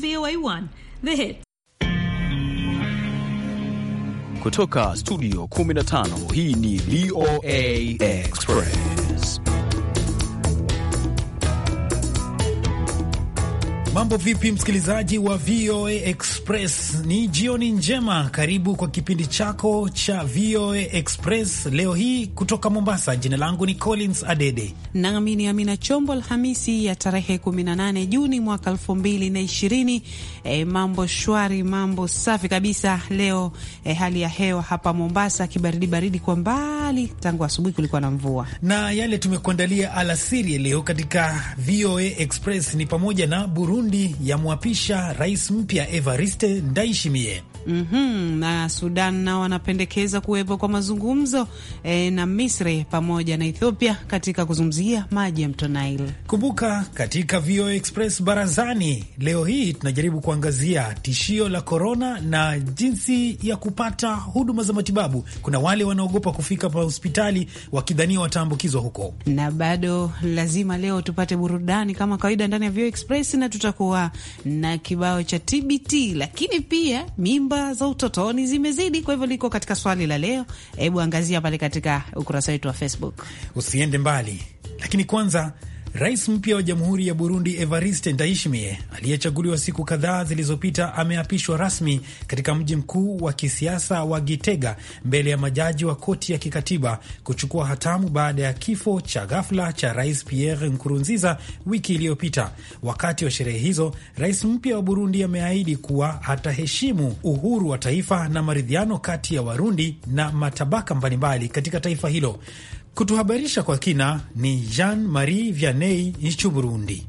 VOA1, The Hit. Kutoka studio 15 hii ni VOA Express. Mambo vipi, msikilizaji wa VOA Express? Ni jioni njema, karibu kwa kipindi chako cha VOA Express leo hii kutoka Mombasa. Jina langu ni Collins Adede nami ni Amina Chombo. Alhamisi ya tarehe 18 Juni mwaka 2020. E, mambo shwari, mambo safi kabisa leo. E, hali ya hewa hapa Mombasa kibaridi baridi kwa mbali, tangu asubuhi kulikuwa na mvua, na yale tumekuandalia alasiri leo katika VOA Express ni pamoja na Burundi Burundi yamwapisha rais mpya Evariste Ndayishimiye. Mm -hmm. Na Sudan nao wanapendekeza kuwepo kwa mazungumzo e, na Misri pamoja na Ethiopia katika kuzungumzia maji ya mto Nile. Kumbuka katika vo Express barazani leo hii tunajaribu kuangazia tishio la korona na jinsi ya kupata huduma za matibabu. Kuna wale wanaogopa kufika pa hospitali wakidhania wataambukizwa huko, na bado lazima leo tupate burudani kama kawaida ndani ya VOA Express, na tutakuwa na kibao cha TBT, lakini pia mimba mimba za utotoni zimezidi. Kwa hivyo liko katika swali la leo, hebu angazia pale katika ukurasa wetu wa Facebook. Usiende mbali, lakini kwanza Rais mpya wa Jamhuri ya Burundi Evariste Ndayishimiye aliyechaguliwa siku kadhaa zilizopita ameapishwa rasmi katika mji mkuu wa kisiasa wa Gitega mbele ya majaji wa koti ya kikatiba kuchukua hatamu baada ya kifo cha ghafla cha Rais Pierre Nkurunziza wiki iliyopita. Wakati wa sherehe hizo, rais mpya wa Burundi ameahidi kuwa hataheshimu uhuru wa taifa na maridhiano kati ya Warundi na matabaka mbalimbali katika taifa hilo. Kutuhabarisha kwa kina ni Jean Marie Vianney Guinea n'icy'u Burundi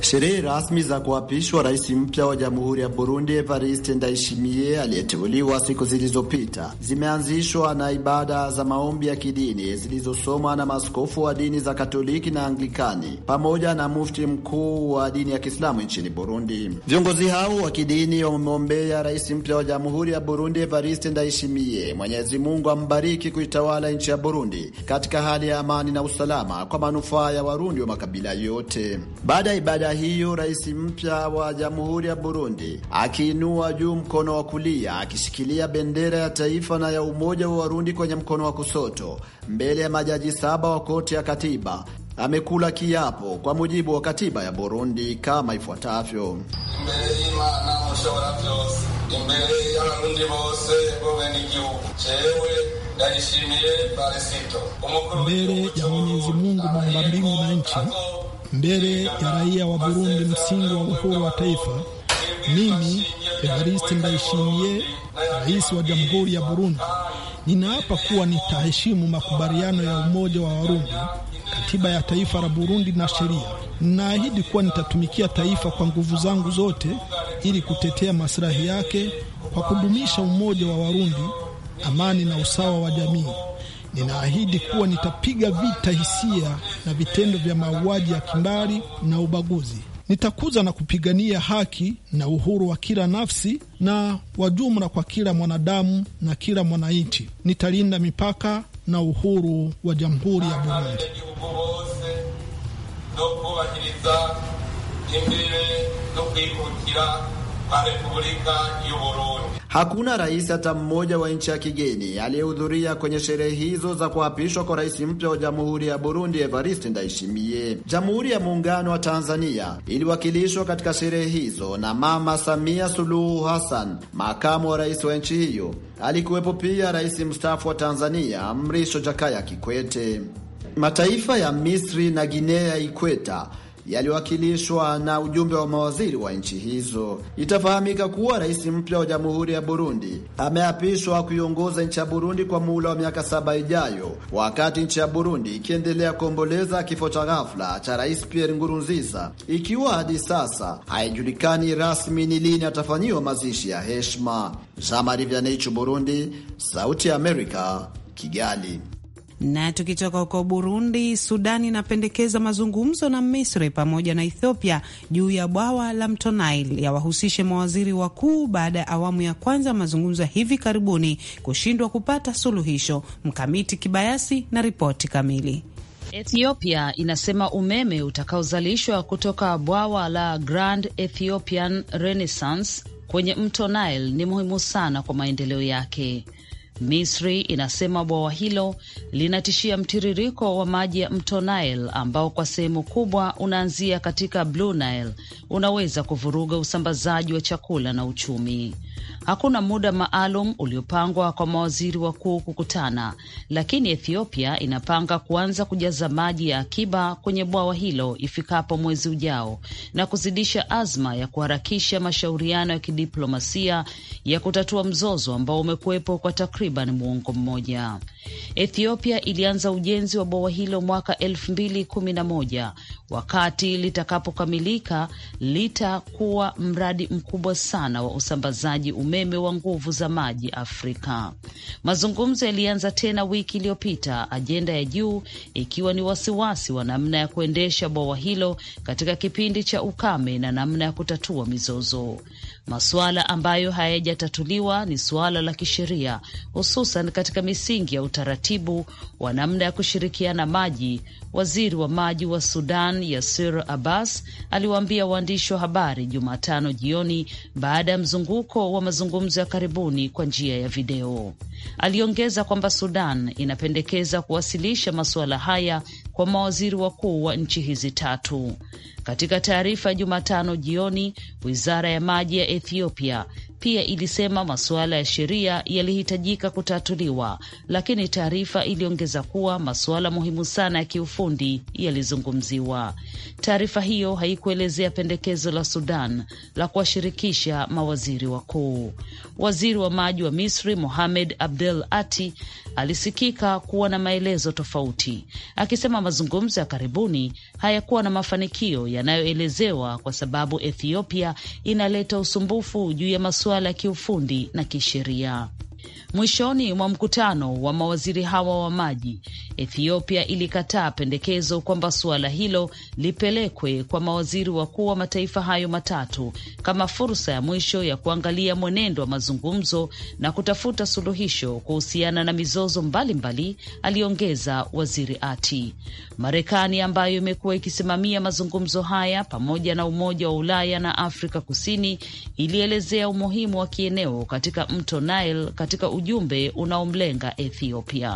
Sherehe rasmi za kuapishwa rais mpya wa jamhuri ya Burundi Evariste Ndayishimiye aliyeteuliwa siku zilizopita zimeanzishwa na ibada za maombi ya kidini zilizosomwa na maskofu wa dini za Katoliki na Anglikani pamoja na mufti mkuu wa dini ya Kiislamu nchini Burundi. Viongozi hao wa kidini wamemwombea rais mpya wa jamhuri ya Burundi Evariste Ndayishimiye, Mwenyezi Mungu ambariki kuitawala nchi ya Burundi katika hali ya amani na usalama kwa manufaa ya Warundi wa makabila yote. Baada ya ibada baada ya hiyo, rais mpya wa Jamhuri ya Burundi akiinua juu mkono wa kulia akishikilia bendera ya taifa na ya umoja wa Warundi kwenye mkono wa kusoto mbele ya majaji saba wa koti ya katiba amekula kiapo kwa mujibu wa katiba ya Burundi kama ifuatavyo: mbele ya Mwenyezi Mungu muumba mbingu na nchi mbele ya raia wa Burundi msingi wa uhuru wa taifa. Mimi Evariste Ndayishimiye, rais wa jamhuri ya Burundi, ninaapa kuwa nitaheshimu makubaliano ya umoja wa Warundi, katiba ya taifa la Burundi na sheria. Ninaahidi kuwa nitatumikia taifa kwa nguvu zangu zote ili kutetea maslahi yake kwa kudumisha umoja wa Warundi, amani na usawa wa jamii. Ninaahidi kuwa nitapiga vita hisia na vitendo vya mauaji ya kimbari na ubaguzi. Nitakuza na kupigania haki na uhuru wa kila nafsi na wa jumla kwa kila mwanadamu na kila mwananchi. Nitalinda mipaka na uhuru wa Jamhuri ya Burundi. Hakuna rais hata mmoja wa nchi ya kigeni aliyehudhuria kwenye sherehe hizo za kuapishwa kwa rais mpya wa Jamhuri ya Burundi, Evariste Ndayishimiye. Jamhuri ya Muungano wa Tanzania iliwakilishwa katika sherehe hizo na Mama Samia Suluhu Hassan, makamu wa rais wa nchi hiyo. Alikuwepo pia rais mstaafu wa Tanzania Mrisho Jakaya Kikwete. Mataifa ya Misri na Guinea Ikweta yaliwakilishwa na ujumbe wa mawaziri wa nchi hizo. Itafahamika kuwa rais mpya wa Jamhuri ya Burundi ameapishwa kuiongoza nchi ya Burundi kwa muhula wa miaka saba ijayo, wakati nchi ya Burundi ikiendelea kuomboleza kifo cha ghafla cha rais Pierre Ngurunziza, ikiwa hadi sasa haijulikani rasmi ni lini atafanyiwa mazishi ya heshima. Burundi, Sauti ya Amerika, Kigali. Na tukitoka huko Burundi, Sudani inapendekeza mazungumzo na Misri pamoja na Ethiopia juu ya bwawa la mto Nile yawahusishe mawaziri wakuu baada ya awamu ya kwanza ya mazungumzo ya hivi karibuni kushindwa kupata suluhisho. Mkamiti Kibayasi na ripoti kamili. Ethiopia inasema umeme utakaozalishwa kutoka bwawa la Grand Ethiopian Renaissance kwenye mto Nile ni muhimu sana kwa maendeleo yake. Misri inasema bwawa hilo linatishia mtiririko wa maji ya mto Nile ambao kwa sehemu kubwa unaanzia katika Blue Nile, unaweza kuvuruga usambazaji wa chakula na uchumi. Hakuna muda maalum uliopangwa kwa mawaziri wakuu kukutana, lakini Ethiopia inapanga kuanza kujaza maji ya akiba kwenye bwawa hilo ifikapo mwezi ujao na kuzidisha azma ya kuharakisha mashauriano ya kidiplomasia ya kutatua mzozo ambao umekuwepo kwa takriban muongo mmoja. Ethiopia ilianza ujenzi wa bwawa hilo mwaka elfu mbili kumi na moja. Wakati litakapokamilika litakuwa mradi mkubwa sana wa usambazaji umeme wa nguvu za maji Afrika. Mazungumzo yalianza tena wiki iliyopita, ajenda ya juu ikiwa ni wasiwasi wa namna ya kuendesha bwawa hilo katika kipindi cha ukame na namna ya kutatua mizozo. Masuala ambayo hayajatatuliwa ni suala la kisheria, hususan katika misingi ya utaratibu wa namna ya kushirikiana maji. Waziri wa maji wa Sudan Yasir Abbas aliwaambia waandishi wa habari Jumatano jioni baada ya mzunguko wa mazungumzo ya karibuni kwa njia ya video. Aliongeza kwamba Sudan inapendekeza kuwasilisha masuala haya kwa mawaziri wakuu wa nchi hizi tatu. Katika taarifa Jumatano jioni, wizara ya maji ya Ethiopia pia ilisema masuala ya sheria yalihitajika kutatuliwa, lakini taarifa iliongeza kuwa masuala muhimu sana ya kiufundi yalizungumziwa. Taarifa hiyo haikuelezea pendekezo la Sudan la kuwashirikisha mawaziri wakuu. Waziri wa maji wa Misri Mohamed Abdel Ati alisikika kuwa na maelezo tofauti, akisema mazungumzo ya karibuni hayakuwa na mafanikio yanayoelezewa kwa sababu Ethiopia inaleta usumbufu juu ya masuala masuala ya kiufundi na kisheria. Mwishoni mwa mkutano wa mawaziri hawa wa maji, Ethiopia ilikataa pendekezo kwamba suala hilo lipelekwe kwa mawaziri wakuu wa mataifa hayo matatu kama fursa ya mwisho ya kuangalia mwenendo wa mazungumzo na kutafuta suluhisho kuhusiana na mizozo mbalimbali, aliongeza waziri Ati. Marekani ambayo imekuwa ikisimamia mazungumzo haya pamoja na Umoja wa Ulaya na Afrika Kusini ilielezea umuhimu wa kieneo katika mto Nile katika ujumbe unaomlenga Ethiopia.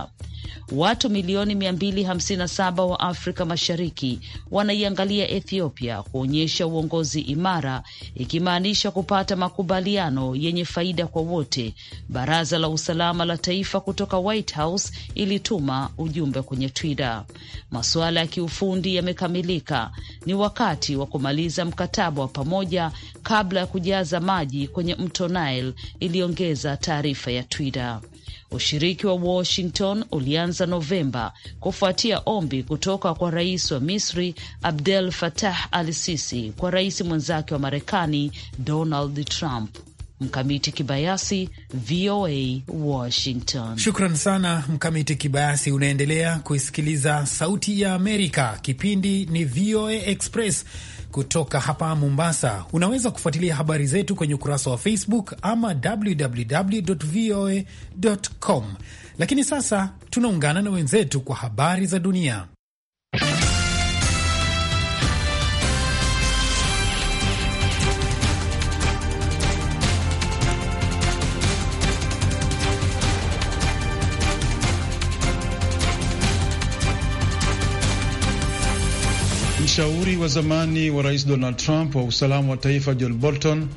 Watu milioni 257 wa Afrika Mashariki wanaiangalia Ethiopia kuonyesha uongozi imara, ikimaanisha kupata makubaliano yenye faida kwa wote. Baraza la Usalama la Taifa kutoka White House ilituma ujumbe kwenye Twitter, masuala ya kiufundi yamekamilika, ni wakati wa kumaliza mkataba wa pamoja kabla ya kujaza maji kwenye mto Nile, iliongeza taarifa ya Twitter. Ushiriki wa Washington ulianza Novemba kufuatia ombi kutoka kwa rais wa Misri Abdel Fattah al Sisi kwa rais mwenzake wa Marekani Donald Trump Mkamiti Kibayasi, VOA Washington. Shukran sana Mkamiti Kibayasi. Unaendelea kuisikiliza Sauti ya Amerika, kipindi ni VOA Express kutoka hapa Mombasa. Unaweza kufuatilia habari zetu kwenye ukurasa wa Facebook ama www com. Lakini sasa tunaungana na wenzetu kwa habari za dunia. Mshauri wa zamani wa rais Donald Trump wa usalama wa taifa John Bolton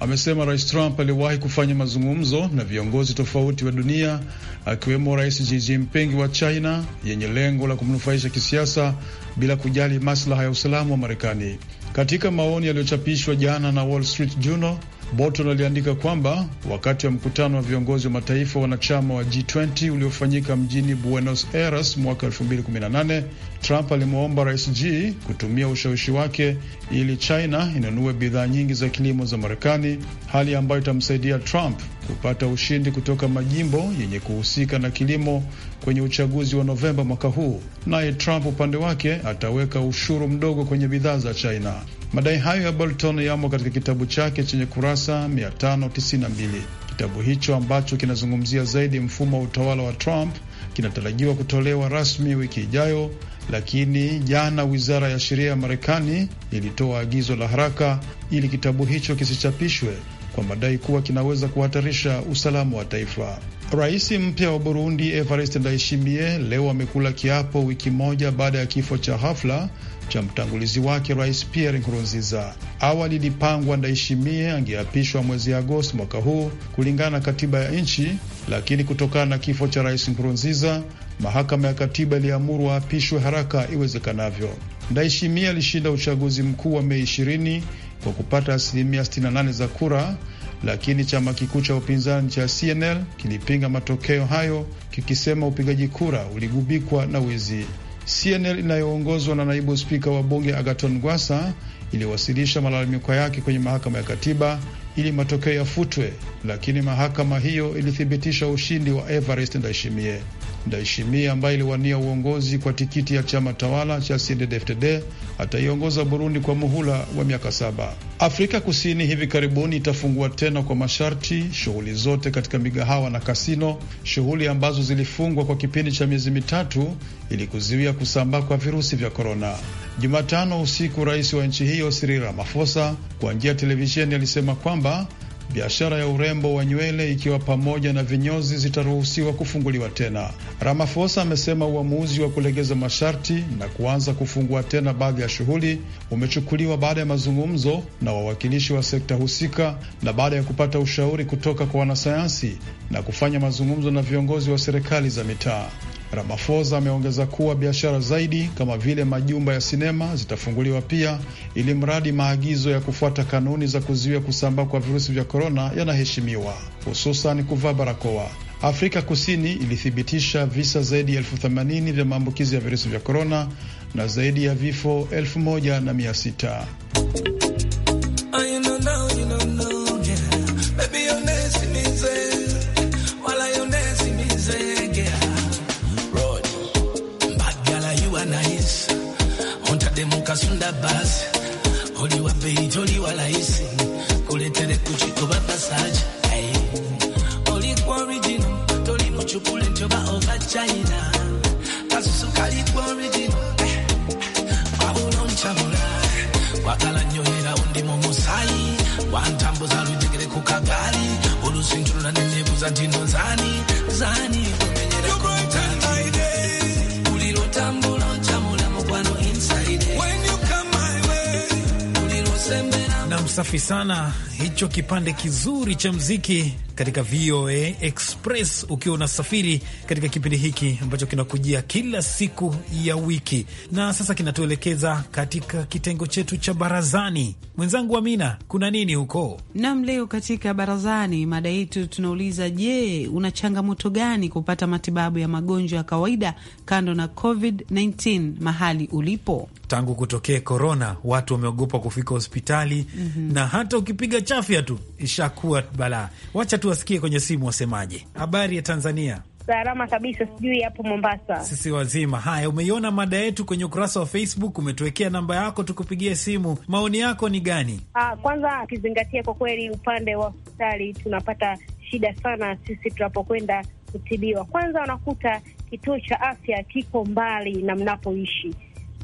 amesema rais Trump aliwahi kufanya mazungumzo na viongozi tofauti wa dunia akiwemo rais Xi Jinping wa China yenye lengo la kumnufaisha kisiasa bila kujali maslaha ya usalama wa Marekani. Katika maoni yaliyochapishwa jana na Wall Street Journal, Bolton aliandika kwamba wakati wa mkutano wa viongozi wa mataifa wanachama wa G20 uliofanyika mjini Buenos Aires mwaka 2018, Trump alimwomba Rais g kutumia ushawishi wake ili China inunue bidhaa nyingi za kilimo za Marekani, hali ambayo itamsaidia Trump kupata ushindi kutoka majimbo yenye kuhusika na kilimo kwenye uchaguzi wa Novemba mwaka huu. Naye Trump upande wake ataweka ushuru mdogo kwenye bidhaa za China. Madai hayo ya Bolton yamo katika kitabu chake chenye kurasa 592. Kitabu hicho ambacho kinazungumzia zaidi mfumo wa utawala wa Trump kinatarajiwa kutolewa rasmi wiki ijayo, lakini jana wizara ya sheria ya Marekani ilitoa agizo la haraka ili kitabu hicho kisichapishwe kwa madai kuwa kinaweza kuhatarisha usalama wa taifa. Rais mpya wa Burundi Evariste Ndayishimiye leo amekula kiapo wiki moja baada ya kifo cha hafla cha mtangulizi wake Rais Pierre Nkurunziza. Awali ilipangwa Ndayishimiye angeapishwa mwezi Agosti mwaka huu kulingana na katiba ya nchi, lakini kutokana na kifo cha Rais Nkurunziza, mahakama ya katiba iliamuru aapishwe haraka iwezekanavyo. Ndayishimiye alishinda uchaguzi mkuu wa Mei kwa kupata asilimia 68 za kura, lakini chama kikuu cha upinzani cha CNL kilipinga matokeo hayo kikisema upigaji kura uligubikwa na wizi. CNL inayoongozwa na naibu spika wa bunge Agaton Gwasa iliwasilisha malalamiko yake kwenye mahakama ya katiba ili matokeo yafutwe, lakini mahakama hiyo ilithibitisha ushindi wa Evariste Ndaishimie. Ndayishimiye ambaye iliwania uongozi kwa tikiti ya chama tawala cha CNDD-FDD ataiongoza Burundi kwa muhula wa miaka saba. Afrika Kusini hivi karibuni itafungua tena kwa masharti shughuli zote katika migahawa na kasino, shughuli ambazo zilifungwa kwa kipindi cha miezi mitatu ili kuzuia kusambaa kwa virusi vya korona. Jumatano usiku, rais wa nchi hiyo Cyril Ramaphosa kwa njia ya televisheni alisema kwamba Biashara ya urembo wa nywele ikiwa pamoja na vinyozi zitaruhusiwa kufunguliwa tena. Ramaphosa amesema uamuzi wa kulegeza masharti na kuanza kufungua tena baadhi ya shughuli umechukuliwa baada ya mazungumzo na wawakilishi wa sekta husika na baada ya kupata ushauri kutoka kwa wanasayansi na kufanya mazungumzo na viongozi wa serikali za mitaa. Ramaphosa ameongeza kuwa biashara zaidi kama vile majumba ya sinema zitafunguliwa pia, ili mradi maagizo ya kufuata kanuni za kuzuia kusambaa kwa virusi vya korona yanaheshimiwa, hususan kuvaa barakoa. Afrika Kusini ilithibitisha visa zaidi ya elfu themanini vya maambukizi ya virusi vya korona na zaidi ya vifo elfu moja na mia sita. Mukadde mukasunda baasi oli wa toli wa kuletere ba masaji oli original toli china original eh, eh, when When safi sana hicho kipande kizuri cha mziki katika VOA Express ukiwa unasafiri katika kipindi hiki ambacho kinakujia kila siku ya wiki, na sasa kinatuelekeza katika kitengo chetu cha barazani. Mwenzangu Amina, kuna nini huko nam? Leo katika barazani, mada yetu tunauliza, je, una changamoto gani kupata matibabu ya magonjwa ya kawaida kando na COVID-19 mahali ulipo? Tangu kutokea korona, watu wameogopa kufika hospitali mm -hmm. Mhm. na hata ukipiga chafya tu ishakuwa balaa. Wacha tu wasikie kwenye simu wasemaje. Habari ya Tanzania. Salama kabisa, sijui hapo Mombasa sisi wazima. Haya, umeiona mada yetu kwenye ukurasa wa Facebook, umetuwekea namba yako tukupigie simu. Maoni yako ni gani? Aa, ah, kwanza akizingatia kwa kweli upande wa hospitali tunapata shida sana sisi tunapokwenda kutibiwa. Kwanza unakuta kituo cha afya kiko mbali na mnapoishi,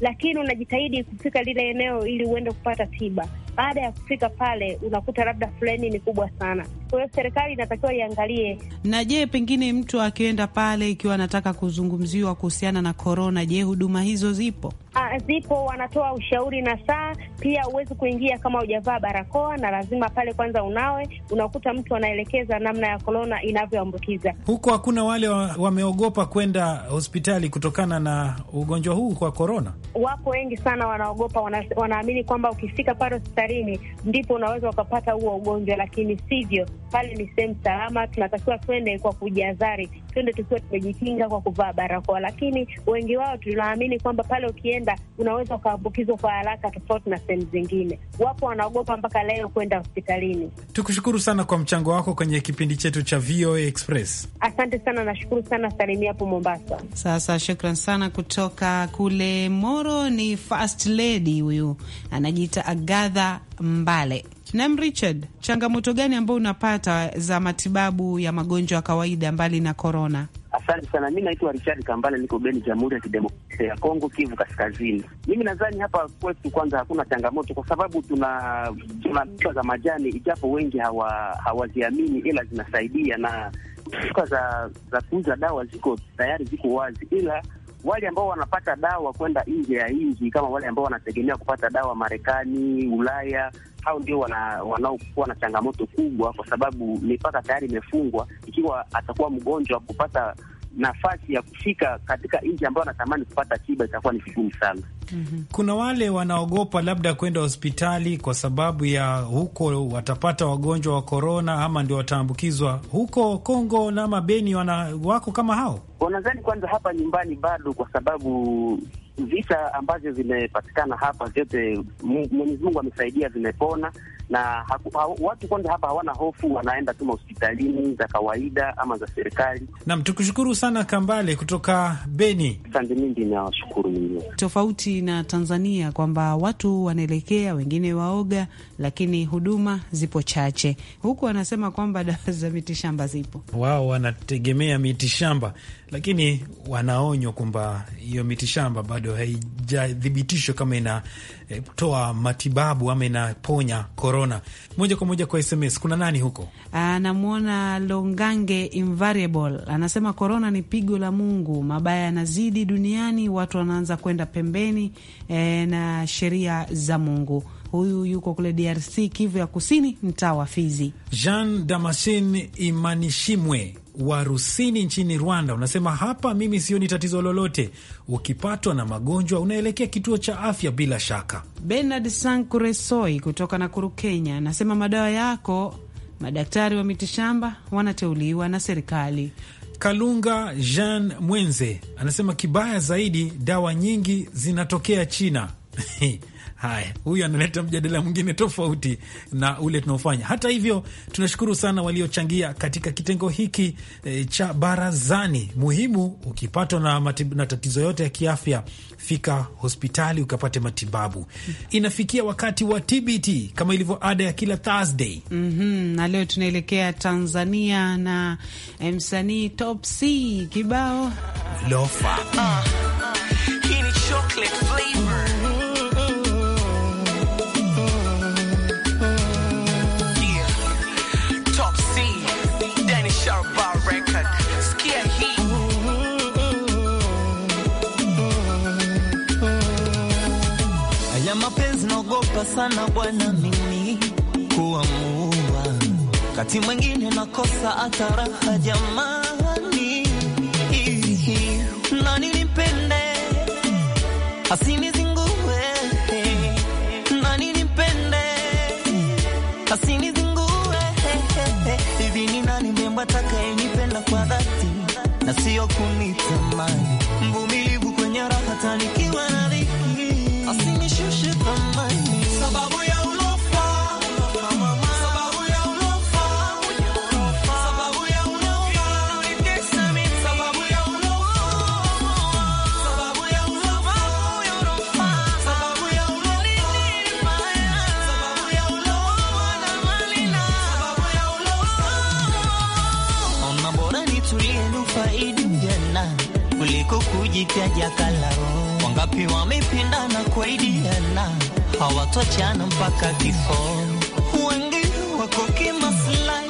lakini unajitahidi kufika lile eneo ili uende kupata tiba baada ya kufika pale, unakuta labda fuleni ni kubwa sana. Kwa hiyo serikali inatakiwa iangalie. Na je, pengine mtu akienda pale ikiwa anataka kuzungumziwa kuhusiana na korona, je, huduma hizo zipo? A, ah, zipo, wanatoa ushauri na saa pia. Huwezi kuingia kama hujavaa barakoa, na lazima pale kwanza unawe. Unakuta mtu anaelekeza namna ya korona inavyoambukiza. Huko hakuna wale wameogopa wa kwenda hospitali kutokana na ugonjwa huu kwa korona. Wapo wengi sana wanaogopa, wana, wanaamini kwamba ukifika pale hospitali hatarini, ndipo unaweza ukapata huo ugonjwa, lakini sivyo, pale ni sehemu salama, tunatakiwa twende kwa kujihadhari twende tukiwa tumejikinga kwa kuvaa barakoa, lakini wengi wao tunaamini kwamba pale ukienda unaweza ukaambukizwa kwa haraka, tofauti na sehemu zingine. Wapo wanaogopa mpaka leo kwenda hospitalini. Tukushukuru sana kwa mchango wako kwenye kipindi chetu cha VOA Express. Asante sana, nashukuru sana. Salimia hapo Mombasa. Sasa shukran sana. Kutoka kule Moro ni First Lady, huyu anajiita Agatha Mbale. Nam Richard, changamoto gani ambayo unapata za matibabu ya magonjwa ya kawaida mbali na korona? Asante sana. Mi naitwa Richard Kambale, niko Beni, Jamhuri ya Kidemokrasia ya Kongo, Kivu Kaskazini. Mimi nadhani hapa kwetu kwanza hakuna changamoto, kwa sababu tuna tuna mboga za majani, ijapo wengi hawa hawaziamini, ila zinasaidia na duka za za kuuza dawa ziko tayari, ziko wazi, ila wale ambao wanapata dawa kwenda nje ya nchi, kama wale ambao wanategemea kupata dawa Marekani, Ulaya, hao ndio wanaokuwa na changamoto kubwa, kwa sababu mipaka tayari imefungwa. Ikiwa atakuwa mgonjwa kupata nafasi ya kufika katika nchi ambayo anatamani kupata tiba itakuwa ni vigumu sana. mm -hmm. Kuna wale wanaogopa labda kwenda hospitali kwa sababu ya huko watapata wagonjwa wa korona, ama ndio wataambukizwa huko Kongo na mabeni Beni. Wana wako kama hao, wanadhani kwanza hapa nyumbani bado, kwa sababu visa ambavyo vimepatikana hapa vyote Mwenyezi Mungu amesaidia, vimepona na haku, ha, watu kwanza hapa hawana hofu, wanaenda tu hospitalini za kawaida ama za serikali. Nam, tukushukuru sana Kambale kutoka Beni. Asante, mimi nawashukuru. Tofauti na Tanzania kwamba watu wanaelekea wengine waoga, lakini huduma zipo chache. Huku wanasema kwamba dawa za mitishamba zipo, wao wanategemea mitishamba, lakini wanaonywa kwamba hiyo mitishamba bado haijathibitishwa kama inatoa eh, matibabu ama inaponya korona korona. Moja kwa moja kwa SMS, kuna nani huko? Anamwona ah, Longange Invariable anasema korona ni pigo la Mungu, mabaya yanazidi duniani, watu wanaanza kwenda pembeni e, na sheria za Mungu. Huyu yuko kule DRC, Kivu ya Kusini, mtaa wa Fizi. Jean Damasin Imanishimwe Warusini nchini Rwanda unasema hapa, mimi sioni tatizo lolote. Ukipatwa na magonjwa unaelekea kituo cha afya bila shaka. Bernard Sankuresoi kutoka Nakuru, Kenya anasema madawa yako madaktari wa mitishamba wanateuliwa na serikali. Kalunga Jean Mwenze anasema kibaya zaidi, dawa nyingi zinatokea China Haya, huyu analeta mjadala mwingine tofauti na ule tunaofanya. Hata hivyo, tunashukuru sana waliochangia katika kitengo hiki e, cha barazani. Muhimu, ukipatwa na, na tatizo yote ya kiafya, fika hospitali ukapate matibabu. Inafikia wakati wa TBT kama ilivyo ada ya kila Thursday. mm -hmm, na leo tunaelekea Tanzania na msanii Top C kibao lofa. Uh, uh, mapenzi naogopa sana bwana, mimi kuamua kati mwingine nakosa hata raha jamani, na nilipende asinizingue, na nilipende asinizingue. Hivi ni nani mrembo nipenda kwa dhati na sio kunitamani, mvumilivu kwenye raha taniki wapi wamependana kwa idiana, hawatochana mpaka kifo. wengi wako kimaslahi,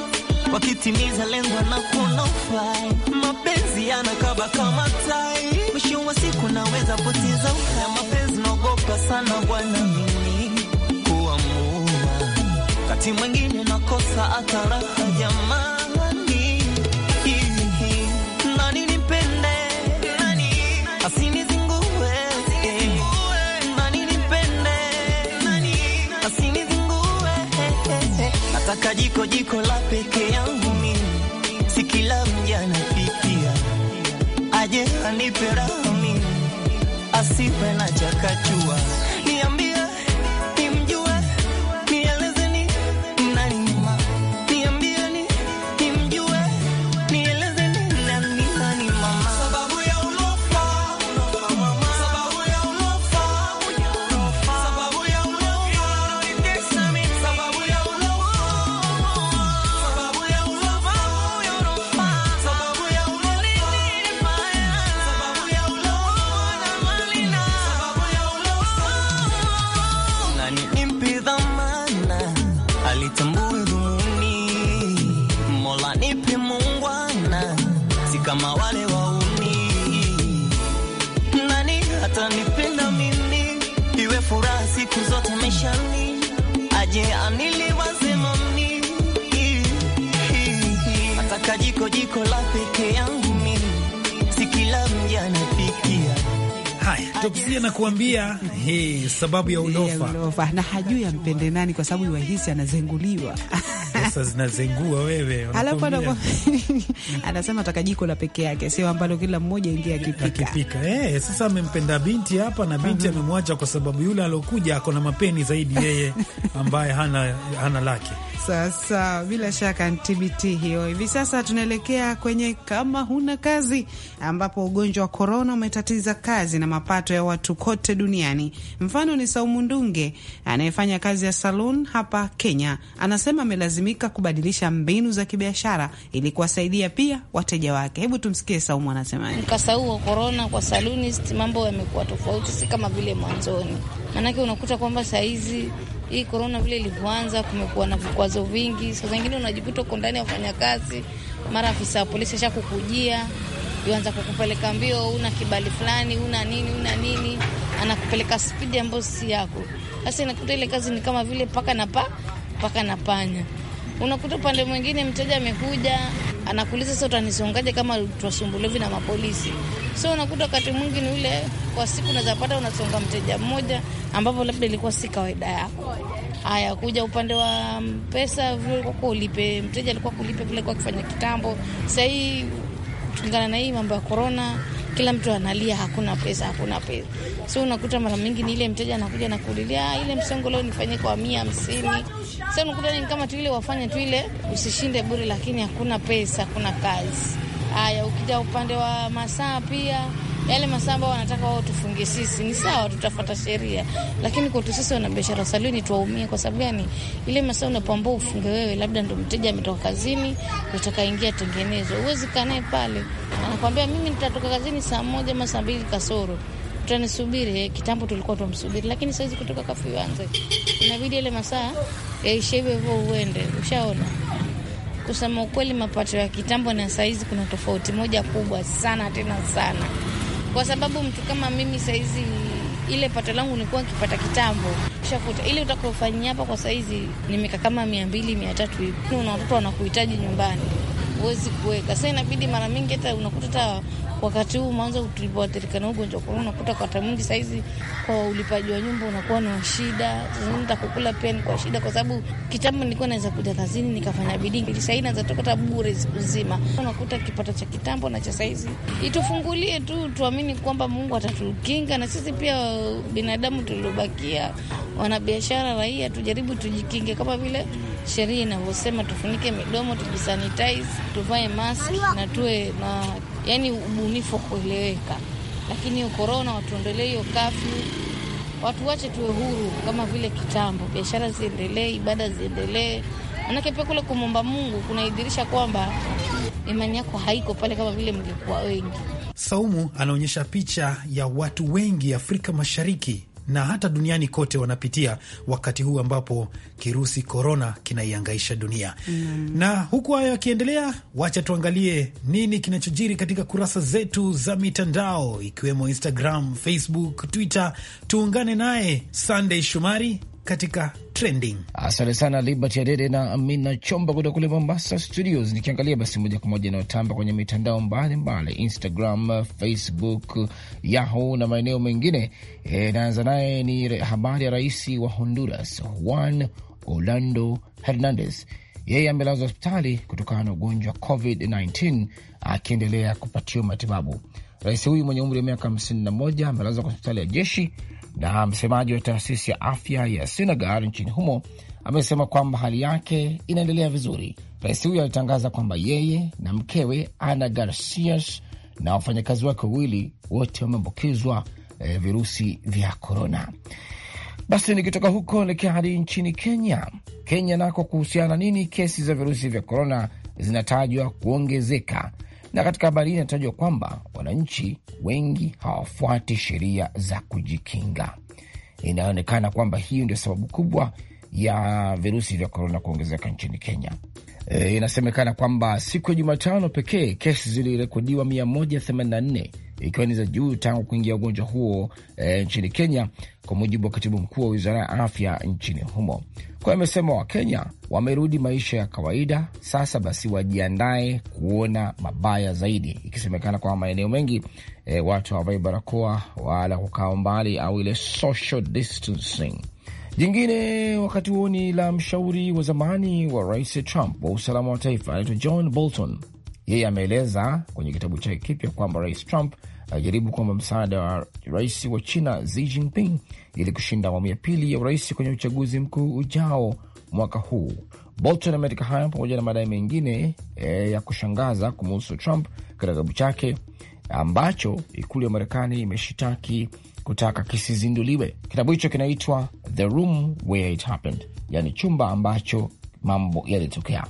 wakitimiza lengo na kunofai, mapenzi yanakaba kama tai, mwisho wa siku naweza potiza uhai. Mapenzi naogopa sana bwana, mimi kuamua, kati mwingine nakosa hata raha jamaa Nataka jiko jiko la peke yangu mimi, si kila mja napikia. Aje anipe raha mimi, asiwe na chakachua pia hey, sababu ya ulofa, ulofa. Na hajui ampende nani kwa sababu wahisi anazenguliwa sasa zinazengua wewe, alafu anasema taka jiko la peke yake, sio ambalo kila mmoja ingia akipika. Hey, eh, sasa amempenda binti hapa na binti amemwacha, uh -huh. kwa sababu yule alokuja ako na mapeni zaidi yeye ambaye hana, hana lake sasa bila shaka TBT hiyo. Hivi sasa tunaelekea kwenye kama huna kazi, ambapo ugonjwa wa korona umetatiza kazi na mapato ya watu kote duniani. Mfano ni Saumu Ndunge anayefanya kazi ya salon hapa Kenya, anasema amelazimika kubadilisha mbinu za kibiashara ili kuwasaidia pia wateja wake. Hebu tumsikie Saumu anasemaje. Mkasauo korona kwa saluni, mambo yamekuwa tofauti, si kama vile mwanzoni, maanake unakuta kwamba sahizi hii korona vile ilivyoanza, kumekuwa na vikwazo vingi. Saa zingine unajikuta uko ndani ya wafanyakazi, mara afisa wa polisi asha kukujia uanza kukupeleka mbio, una kibali fulani, una nini, una nini, anakupeleka spidi ambayo si yako. Sasa inakuta ile kazi ni kama vile paka na pa paka na panya. Unakuta upande mwingine mteja amekuja anakuuliza, sasa utanisongaje kama twasumbulivi na mapolisi? So unakuta wakati mwingine ule kwa siku unaweza pata unasonga mteja mmoja, ambapo labda ilikuwa si kawaida yako. Haya, kuja upande wa pesa vile kwa ulipe mteja alikuwa kulipe vile kwa kufanya kitambo. Sasa hii kulingana na hii mambo ya korona, kila mtu analia, hakuna pesa, hakuna pesa. So unakuta mara mingi ni ile mteja anakuja nakulilia ah, ile msongo, leo nifanye kwa mia hamsini sasa unakuta ni kama tuile wafanye tuile usishinde bure, lakini hakuna pesa, hakuna kazi. Haya, ukija upande wa masaa pia yale masaa ambao wanataka wao tufunge sisi ni sawa, tutafuata sheria, lakini kwetu sisi wana biashara saluni tuwaumie. Kwa sababu gani? Ile masaa unapoambao ufunge wewe, labda ndo mteja ametoka kazini, utaka ingia tengenezo, uwezi kanae pale, anakwambia mimi nitatoka kazini saa moja ama saa mbili kasoro tutanisubiri. Eh, kitambo tulikuwa tumsubiri, lakini saizi kutoka kafu ianze, inabidi ile masaa yaishe hivyo hivyo uende. Ushaona, kusema ukweli, mapato ya kitambo na saizi kuna tofauti moja kubwa sana tena sana, kwa sababu mtu kama mimi saizi ile pato langu nilikuwa nikipata kitambo, shakuta ile utakofanyia hapa kwa saizi nimeka kama mia mbili mia tatu hivi, na watoto wanakuhitaji nyumbani huwezi kuweka. Sasa inabidi mara mingi, hata unakuta hata wakati huu mwanzo tulipoathirika na ugonjwa korona, unakuta kwa hata mwingi sahizi kwa ulipaji wa nyumba unakuwa na wa shida, takukula pia ni kwa shida, kwa sababu kitambo nilikuwa naweza kuja kazini nikafanya bidii, ili sahii naweza toka hata bure siku nzima. Unakuta kipato cha kitambo na cha saizi, Itufungulie tu tuamini kwamba Mungu atatukinga na sisi pia binadamu tuliobakia, wanabiashara, raia, tujaribu tujikinge kama vile sheria inavyosema, tufunike midomo, tujisanitize, tuvae mask na tuwe na yani ubunifu wa kueleweka. Lakini hiyo korona watuondolee hiyo kafyu, watu wache tuwe huru kama vile kitambo, biashara ziendelee, ibada ziendelee, manake pia kule kumwomba Mungu kunaidhirisha kwamba imani yako haiko pale kama vile mlikuwa wengi. Saumu anaonyesha picha ya watu wengi Afrika Mashariki na hata duniani kote wanapitia wakati huu ambapo kirusi korona kinaiangaisha dunia mm. Na huku hayo yakiendelea, wacha tuangalie nini kinachojiri katika kurasa zetu za mitandao ikiwemo Instagram, Facebook, Twitter. Tuungane naye Sunday Shumari katika trending. Asante sana Liberty Adede na Amina Chomba kutoka kule Mombasa Studios. Nikiangalia basi moja kwa moja inayotamba kwenye mitandao mbalimbali, Instagram, Facebook, Yahoo na maeneo mengine. E, naanza naye ni habari ya rais wa Honduras Juan Orlando Hernandez. Yeye amelazwa hospitali kutokana na ugonjwa wa COVID-19 akiendelea kupatiwa matibabu. Rais huyu mwenye umri wa miaka 51 amelazwa kwa hospitali ya jeshi na msemaji wa taasisi ya afya ya Senegal nchini humo amesema kwamba hali yake inaendelea vizuri. Rais huyo alitangaza kwamba yeye na mkewe Ana Garcias na wafanyakazi wake wawili wote wameambukizwa eh, virusi vya korona. Basi nikitoka huko elekea hadi nchini Kenya. Kenya nako kuhusiana nini, kesi za virusi vya korona zinatajwa kuongezeka na katika habari hii inatajwa kwamba wananchi wengi hawafuati sheria za kujikinga. Inaonekana kwamba hiyo ndio sababu kubwa ya virusi vya korona kuongezeka nchini Kenya. E, inasemekana kwamba siku ya Jumatano pekee kesi zilirekodiwa 184 ikiwa ni za juu tangu kuingia ugonjwa huo e, nchini Kenya, kwa mujibu wa katibu mkuu wa wizara ya afya nchini humo. Kwa amesema Wakenya wamerudi maisha ya kawaida sasa, basi wajiandae kuona mabaya zaidi, ikisemekana kwamba maeneo mengi e, watu hawavai barakoa wala kukaa mbali au ile social distancing. Jingine wakati huo ni la mshauri wa zamani wa rais Trump wa usalama wa taifa anaitwa John Bolton. Yeye ameeleza kwenye kitabu chake kipya kwamba rais Trump alijaribu kuomba msaada wa rais wa China Xi Jinping ili kushinda awamu ya pili ya urais kwenye uchaguzi mkuu ujao mwaka huu. Bolton ameandika hayo pamoja na madai mengine e, ya kushangaza kumuhusu Trump katika kitabu chake ambacho ikulu ya Marekani imeshitaki kutaka kisizinduliwe. Kitabu hicho kinaitwa The Room Where It Happened, yani chumba ambacho mambo yalitokea.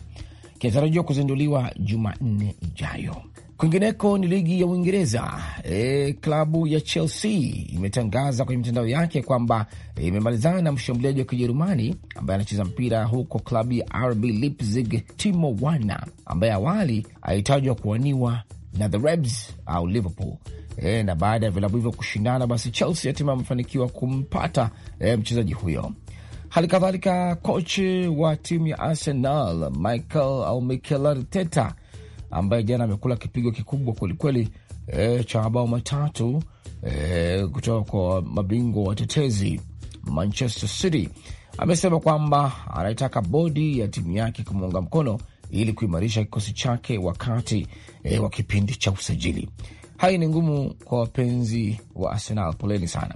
Kinatarajiwa kuzinduliwa Jumanne ijayo. Kwingineko ni ligi ya Uingereza. E, klabu ya Chelsea imetangaza kwenye mitandao yake kwamba imemalizana e, na mshambuliaji wa Kijerumani ambaye anacheza mpira huko klabu ya RB Leipzig, Timo Werner ambaye awali alitajwa kuwaniwa na the Reds au Liverpool, e, na baada ya vilabu hivyo kushindana, basi Chelsea hatima amefanikiwa kumpata e, mchezaji huyo. Hali kadhalika kochi wa timu ya Arsenal Michael au Mikel Arteta ambaye jana amekula kipigo kikubwa kwelikweli e, eh, cha mabao matatu e, kutoka kwa mabingwa watetezi Manchester City amesema kwamba anaitaka bodi ya timu yake kumuunga mkono ili kuimarisha kikosi chake wakati e, wa kipindi cha usajili hali ni ngumu kwa wapenzi wa Arsenal, poleni sana.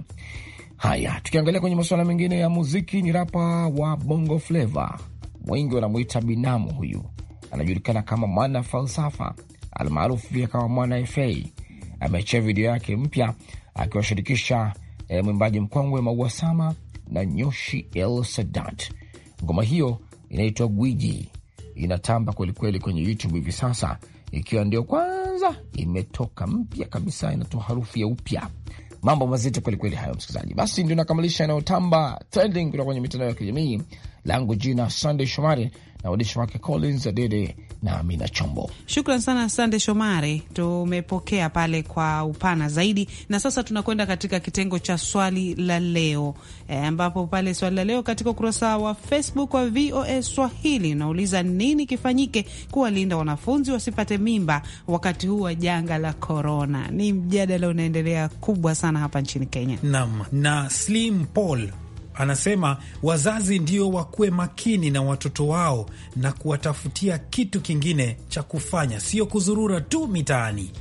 Haya, tukiangalia kwenye masuala mengine ya muziki, ni rapa wa Bongo Flava, wengi wanamwita binamu. Huyu anajulikana kama Mwana Falsafa almaarufu pia kama Mwana FA. Ameachia video yake mpya akiwashirikisha e, mwimbaji mkongwe Maua Sama na Nyoshi El Sadat. Ngoma hiyo inaitwa Gwiji, inatamba kwelikweli kwenye YouTube hivi sasa, ikiwa ndio kwa kwanza imetoka mpya kabisa, inatoa harufu ya upya. Mambo mazito kwelikweli hayo, msikilizaji. Basi ndio nakamilisha yanayotamba trending kutoka kwenye mitandao ya kijamii. Langu jina sandey Shomari na waandishi wake Collins Adede na Amina Chombo. Shukran sana, asante Shomari. Tumepokea pale kwa upana zaidi, na sasa tunakwenda katika kitengo cha swali la leo e, ambapo pale swali la leo katika ukurasa wa Facebook wa VOA Swahili unauliza nini kifanyike kuwalinda wanafunzi wasipate mimba wakati huu wa janga la korona. Ni mjadala unaendelea kubwa sana hapa nchini Kenya. Naam, na Slim Paul anasema wazazi ndio wakuwe makini na watoto wao na kuwatafutia kitu kingine cha kufanya, sio kuzurura tu mitaani.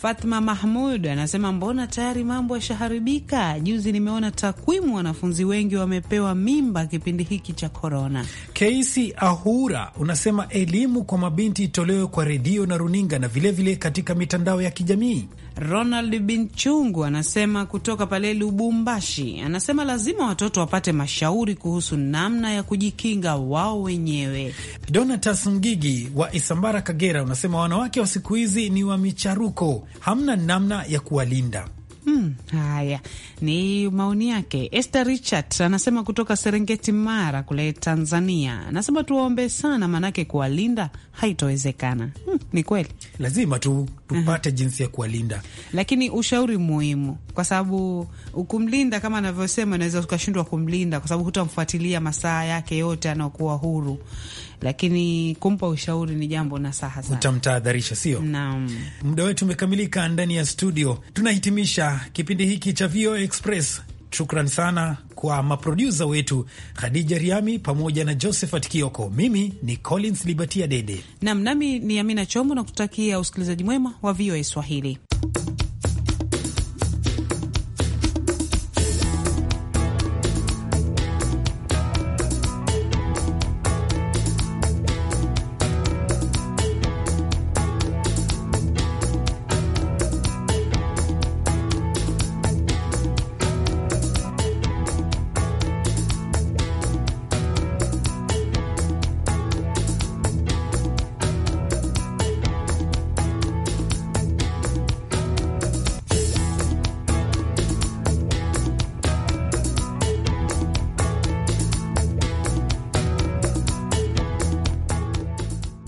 Fatma Mahmud anasema mbona tayari mambo yashaharibika? Juzi nimeona takwimu, wanafunzi wengi wamepewa mimba kipindi hiki cha korona. Keisi Ahura unasema elimu kwa mabinti itolewe kwa redio na runinga na vilevile vile katika mitandao ya kijamii. Ronald Binchungu anasema kutoka pale Lubumbashi, anasema lazima watoto wapate mashauri kuhusu namna ya kujikinga wao wenyewe. Donatas Mgigi wa Isambara, Kagera, unasema wanawake wa siku hizi ni wa micharuko hamna namna ya kuwalinda. Hmm, haya ni maoni yake Esther Richard anasema kutoka Serengeti, Mara kule Tanzania. Anasema tuwaombe sana, maanake kuwalinda haitowezekana. Hmm, ni kweli, lazima tu tupate uh -huh, jinsi ya kuwalinda, lakini ushauri muhimu, kwa sababu ukumlinda kama anavyosema, unaweza ukashindwa kumlinda, kwa sababu hutamfuatilia masaa yake yote anaokuwa huru lakini kumpa ushauri ni jambo na saha sana, utamtahadharisha sio? Naam, muda wetu umekamilika ndani ya studio. Tunahitimisha kipindi hiki cha VOA Express. Shukran sana kwa maprodusa wetu Khadija Riami pamoja na Josephat Kioko. Mimi ni Collins Libatia Dede nam, nami ni Amina Chombo na kutakia usikilizaji mwema wa VOA Swahili.